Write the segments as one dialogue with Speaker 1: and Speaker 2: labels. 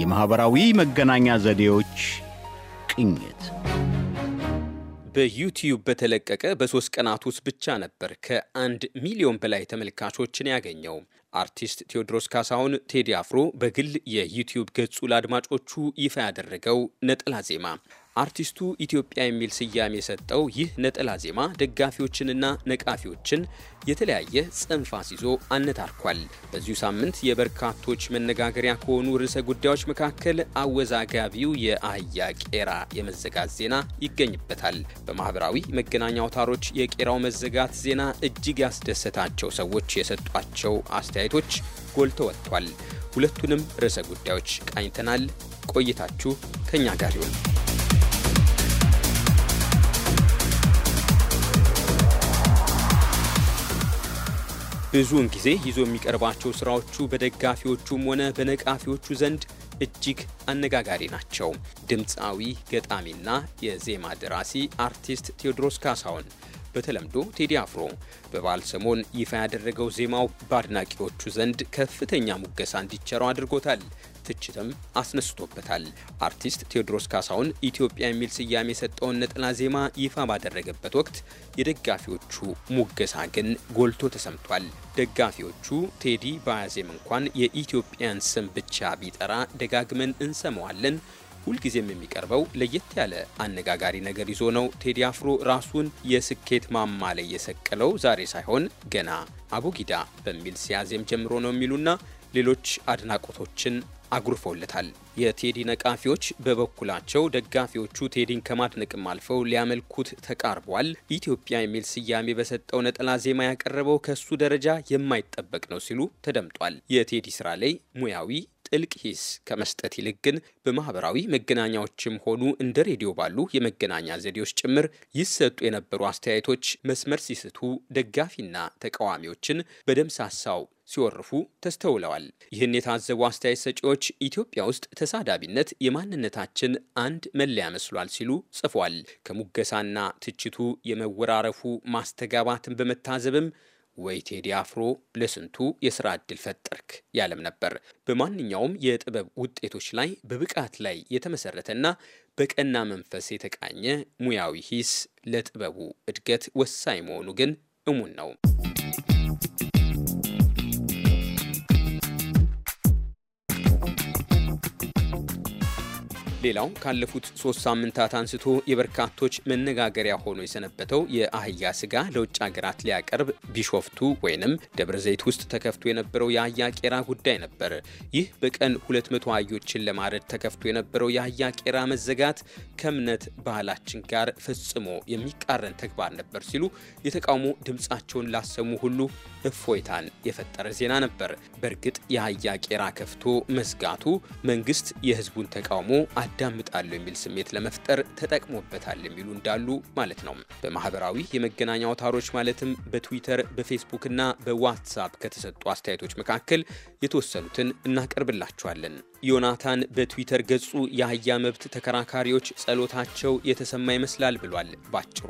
Speaker 1: የማኅበራዊ መገናኛ ዘዴዎች ቅኝት በዩቲዩብ በተለቀቀ በሦስት ቀናት ውስጥ ብቻ ነበር ከአንድ ሚሊዮን በላይ ተመልካቾችን ያገኘው። አርቲስት ቴዎድሮስ ካሳሁን ቴዲ አፍሮ በግል የዩቲዩብ ገጹ ለአድማጮቹ ይፋ ያደረገው ነጠላ ዜማ አርቲስቱ ኢትዮጵያ የሚል ስያሜ የሰጠው ይህ ነጠላ ዜማ ደጋፊዎችንና ነቃፊዎችን የተለያየ ጽንፍ አስይዞ አነታርኳል። በዚሁ ሳምንት የበርካቶች መነጋገሪያ ከሆኑ ርዕሰ ጉዳዮች መካከል አወዛጋቢው የአህያ ቄራ የመዘጋት ዜና ይገኝበታል። በማህበራዊ መገናኛ አውታሮች የቄራው መዘጋት ዜና እጅግ ያስደሰታቸው ሰዎች የሰጧቸው አስተያየቶች ጎልቶ ወጥቷል። ሁለቱንም ርዕሰ ጉዳዮች ቃኝተናል። ቆይታችሁ ከእኛ ጋር ይሁን። ብዙውን ጊዜ ይዞ የሚቀርባቸው ስራዎቹ በደጋፊዎቹም ሆነ በነቃፊዎቹ ዘንድ እጅግ አነጋጋሪ ናቸው። ድምፃዊ ገጣሚና የዜማ ደራሲ አርቲስት ቴዎድሮስ ካሳሁን በተለምዶ ቴዲ አፍሮ በበዓል ሰሞን ይፋ ያደረገው ዜማው በአድናቂዎቹ ዘንድ ከፍተኛ ሙገሳ እንዲቸረው አድርጎታል። ትችትም አስነስቶበታል። አርቲስት ቴዎድሮስ ካሳሁን ኢትዮጵያ የሚል ስያሜ የሰጠውን ነጠላ ዜማ ይፋ ባደረገበት ወቅት የደጋፊዎቹ ሙገሳ ግን ጎልቶ ተሰምቷል። ደጋፊዎቹ ቴዲ ባያዜም እንኳን የኢትዮጵያን ስም ብቻ ቢጠራ ደጋግመን እንሰማዋለን ሁልጊዜም የሚቀርበው ለየት ያለ አነጋጋሪ ነገር ይዞ ነው። ቴዲ አፍሮ ራሱን የስኬት ማማ ላይ የሰቀለው ዛሬ ሳይሆን ገና አቡጊዳ በሚል ሲያዜም ጀምሮ ነው የሚሉና ሌሎች አድናቆቶችን አጉርፈውለታል። የቴዲ ነቃፊዎች በበኩላቸው ደጋፊዎቹ ቴዲን ከማድነቅም አልፈው ሊያመልኩት ተቃርቧል። ኢትዮጵያ የሚል ስያሜ በሰጠው ነጠላ ዜማ ያቀረበው ከሱ ደረጃ የማይጠበቅ ነው ሲሉ ተደምጧል። የቴዲ ስራ ላይ ሙያዊ ጥልቅ ሂስ ከመስጠት ይልቅ ግን በማህበራዊ መገናኛዎችም ሆኑ እንደ ሬዲዮ ባሉ የመገናኛ ዘዴዎች ጭምር ይሰጡ የነበሩ አስተያየቶች መስመር ሲስቱ ደጋፊና ተቃዋሚዎችን በደምሳሳው ሲወርፉ ተስተውለዋል። ይህን የታዘቡ አስተያየት ሰጪዎች ኢትዮጵያ ውስጥ ተሳዳቢነት የማንነታችን አንድ መለያ መስሏል ሲሉ ጽፏል። ከሙገሳና ትችቱ የመወራረፉ ማስተጋባትን በመታዘብም ወይ ቴዲ አፍሮ ለስንቱ የስራ ዕድል ፈጠርክ ያለም ነበር። በማንኛውም የጥበብ ውጤቶች ላይ በብቃት ላይ የተመሰረተና በቀና መንፈስ የተቃኘ ሙያዊ ሂስ ለጥበቡ እድገት ወሳኝ መሆኑ ግን እሙን ነው። ሌላው ካለፉት ሶስት ሳምንታት አንስቶ የበርካቶች መነጋገሪያ ሆኖ የሰነበተው የአህያ ስጋ ለውጭ ሀገራት ሊያቀርብ ቢሾፍቱ ወይንም ደብረ ዘይት ውስጥ ተከፍቶ የነበረው የአህያ ቄራ ጉዳይ ነበር። ይህ በቀን 200 አህዮችን ለማረድ ተከፍቶ የነበረው የአህያ ቄራ መዘጋት ከእምነት ባህላችን ጋር ፈጽሞ የሚቃረን ተግባር ነበር ሲሉ የተቃውሞ ድምፃቸውን ላሰሙ ሁሉ እፎይታን የፈጠረ ዜና ነበር። በእርግጥ የአህያ ቄራ ከፍቶ መዝጋቱ መንግስት የህዝቡን ተቃውሞ አዳምጣለሁ የሚል ስሜት ለመፍጠር ተጠቅሞበታል የሚሉ እንዳሉ ማለት ነው። በማህበራዊ የመገናኛ አውታሮች ማለትም በትዊተር በፌስቡክ እና በዋትሳፕ ከተሰጡ አስተያየቶች መካከል የተወሰኑትን እናቀርብላችኋለን። ዮናታን በትዊተር ገጹ የአህያ መብት ተከራካሪዎች ጸሎታቸው የተሰማ ይመስላል ብሏል። ባጭሩ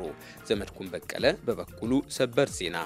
Speaker 1: ዘመድኩን በቀለ በበኩሉ ሰበር ዜና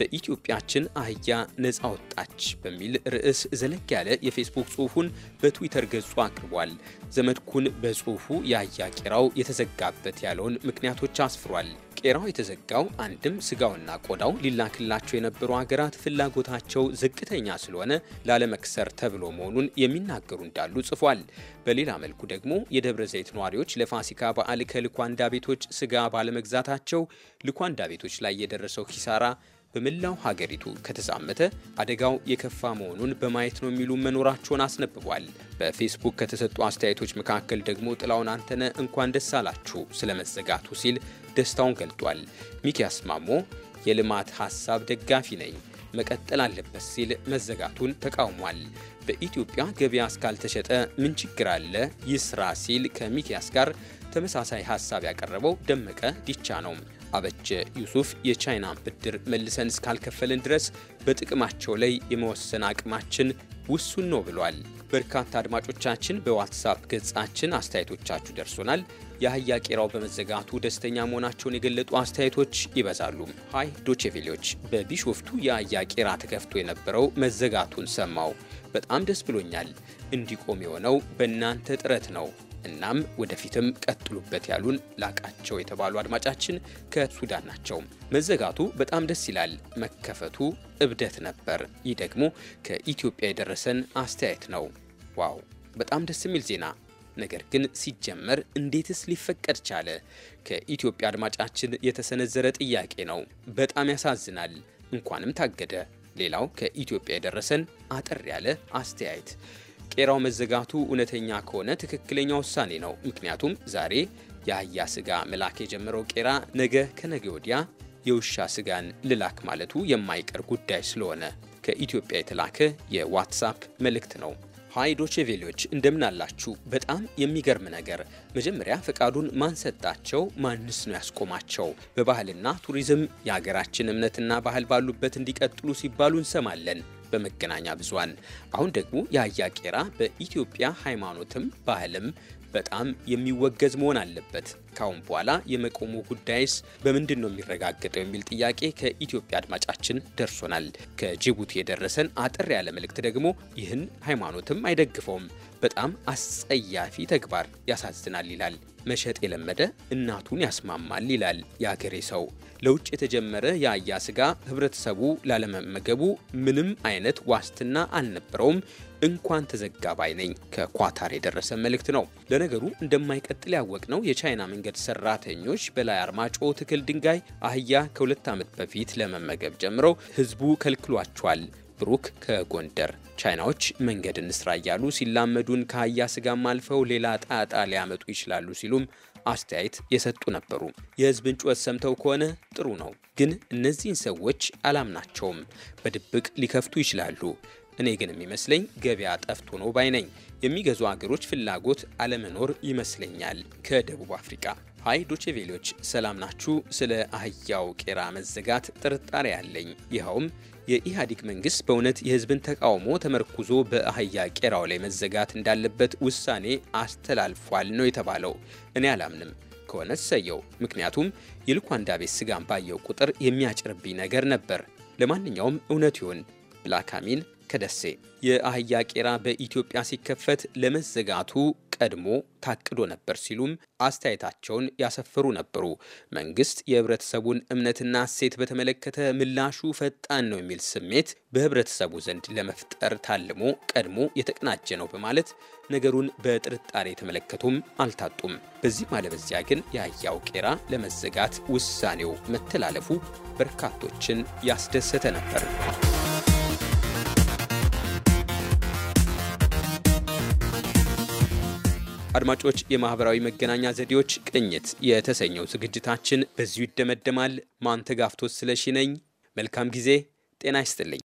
Speaker 1: በኢትዮጵያችን አህያ ነፃ ወጣች በሚል ርዕስ ዘለግ ያለ የፌስቡክ ጽሑፉን በትዊተር ገጹ አቅርቧል። ዘመድኩን በጽሑፉ የአህያ ቄራው የተዘጋበት ያለውን ምክንያቶች አስፍሯል። ቄራው የተዘጋው አንድም ስጋውና ቆዳው ሊላክላቸው የነበሩ ሀገራት ፍላጎታቸው ዝቅተኛ ስለሆነ ላለመክሰር ተብሎ መሆኑን የሚናገሩ እንዳሉ ጽፏል። በሌላ መልኩ ደግሞ የደብረ ዘይት ነዋሪዎች ለፋሲካ በዓል ከልኳንዳ ቤቶች ስጋ ባለመግዛታቸው ልኳንዳ ቤቶች ላይ የደረሰው ኪሳራ በመላው ሀገሪቱ ከተዛመተ አደጋው የከፋ መሆኑን በማየት ነው የሚሉ መኖራቸውን አስነብቧል። በፌስቡክ ከተሰጡ አስተያየቶች መካከል ደግሞ ጥላውን አንተነ እንኳን ደስ አላችሁ ስለመዘጋቱ ሲል ደስታውን ገልጧል። ሚኪያስ ማሞ የልማት ሀሳብ ደጋፊ ነኝ መቀጠል አለበት ሲል መዘጋቱን ተቃውሟል። በኢትዮጵያ ገበያ እስካልተሸጠ ምን ችግር አለ ይስራ ሲል ከሚኪያስ ጋር ተመሳሳይ ሀሳብ ያቀረበው ደመቀ ዲቻ ነው። አበጀ ዩሱፍ የቻይናን ብድር መልሰን እስካልከፈልን ድረስ በጥቅማቸው ላይ የመወሰን አቅማችን ውሱን ነው ብሏል። በርካታ አድማጮቻችን በዋትሳፕ ገጻችን አስተያየቶቻችሁ ደርሶናል። የአህያ ቄራው በመዘጋቱ ደስተኛ መሆናቸውን የገለጡ አስተያየቶች ይበዛሉ። ሀይ ዶቼቬሌዎች፣ በቢሾፍቱ የአህያ ቄራ ተከፍቶ የነበረው መዘጋቱን ሰማው። በጣም ደስ ብሎኛል። እንዲቆም የሆነው በእናንተ ጥረት ነው እናም ወደፊትም ቀጥሉበት ያሉን ላቃቸው የተባሉ አድማጫችን ከሱዳን ናቸው። መዘጋቱ በጣም ደስ ይላል፣ መከፈቱ እብደት ነበር። ይህ ደግሞ ከኢትዮጵያ የደረሰን አስተያየት ነው። ዋው በጣም ደስ የሚል ዜና። ነገር ግን ሲጀመር እንዴትስ ሊፈቀድ ቻለ? ከኢትዮጵያ አድማጫችን የተሰነዘረ ጥያቄ ነው። በጣም ያሳዝናል። እንኳንም ታገደ። ሌላው ከኢትዮጵያ የደረሰን አጠር ያለ አስተያየት ቄራው መዘጋቱ እውነተኛ ከሆነ ትክክለኛ ውሳኔ ነው። ምክንያቱም ዛሬ የአህያ ስጋ መላክ የጀመረው ቄራ ነገ ከነገ ወዲያ የውሻ ስጋን ልላክ ማለቱ የማይቀር ጉዳይ ስለሆነ ከኢትዮጵያ የተላከ የዋትሳፕ መልእክት ነው። ሀይ ዶቼ ቬሌዎች እንደምን አላችሁ? በጣም የሚገርም ነገር። መጀመሪያ ፈቃዱን ማን ሰጣቸው? ማንስ ነው ያስቆማቸው? በባህልና ቱሪዝም የሀገራችን እምነትና ባህል ባሉበት እንዲቀጥሉ ሲባሉ እንሰማለን። በመገናኛ ብዙሃን አሁን ደግሞ የአያ ቄራ በኢትዮጵያ ሃይማኖትም ባህልም በጣም የሚወገዝ መሆን አለበት ካሁን በኋላ የመቆሙ ጉዳይስ በምንድን ነው የሚረጋገጠው የሚል ጥያቄ ከኢትዮጵያ አድማጫችን ደርሶናል። ከጅቡቲ የደረሰን አጠር ያለ መልእክት ደግሞ ይህን ሃይማኖትም አይደግፈውም፣ በጣም አስጸያፊ ተግባር ያሳዝናል ይላል። መሸጥ የለመደ እናቱን ያስማማል ይላል የአገሬ ሰው። ለውጭ የተጀመረ የአያ ስጋ ህብረተሰቡ ላለመመገቡ ምንም አይነት ዋስትና አልነበረውም። እንኳን ተዘጋባይ ነኝ። ከኳታር የደረሰ መልእክት ነው። ለነገሩ እንደማይቀጥል ያወቅ ነው የቻይና መንገድ ሰራተኞች በላይ አርማጮ ትክል ድንጋይ አህያ ከሁለት ዓመት በፊት ለመመገብ ጀምረው ህዝቡ ከልክሏቸዋል። ብሩክ ከጎንደር ቻይናዎች መንገድ እንስራ እያሉ ሲላመዱን ከአህያ ስጋም አልፈው ሌላ ጣጣ ሊያመጡ ይችላሉ ሲሉም አስተያየት የሰጡ ነበሩ። የህዝብን ጩኸት ሰምተው ከሆነ ጥሩ ነው፣ ግን እነዚህን ሰዎች አላምናቸውም። በድብቅ ሊከፍቱ ይችላሉ። እኔ ግን የሚመስለኝ ገበያ ጠፍቶ ነው ባይ ነኝ። የሚገዙ አገሮች ፍላጎት አለመኖር ይመስለኛል። ከደቡብ አፍሪካ ሀይ ዶቼቬሌዎች ሰላም ናችሁ። ስለ አህያው ቄራ መዘጋት ጥርጣሬ አለኝ ይኸውም የኢህአዴግ መንግስት በእውነት የህዝብን ተቃውሞ ተመርኩዞ በአህያ ቄራው ላይ መዘጋት እንዳለበት ውሳኔ አስተላልፏል ነው የተባለው። እኔ አላምንም። ከሆነ ሰየው። ምክንያቱም የልኳንዳ ቤት ስጋን ባየው ቁጥር የሚያጭርብኝ ነገር ነበር። ለማንኛውም እውነት ይሁን ብላካሚን ከደሴ የአህያ ቄራ በኢትዮጵያ ሲከፈት ለመዘጋቱ ቀድሞ ታቅዶ ነበር ሲሉም አስተያየታቸውን ያሰፈሩ ነበሩ። መንግስት የህብረተሰቡን እምነትና እሴት በተመለከተ ምላሹ ፈጣን ነው የሚል ስሜት በህብረተሰቡ ዘንድ ለመፍጠር ታልሞ ቀድሞ የተቀናጀ ነው በማለት ነገሩን በጥርጣሬ የተመለከቱም አልታጡም። በዚህም አለበዚያ ግን የአህያው ቄራ ለመዘጋት ውሳኔው መተላለፉ በርካቶችን ያስደሰተ ነበር። አድማጮች፣ የማህበራዊ መገናኛ ዘዴዎች ቅኝት የተሰኘው ዝግጅታችን በዚሁ ይደመደማል። ማንተጋፍቶት ስለሺ ነኝ። መልካም ጊዜ። ጤና ይስጥልኝ።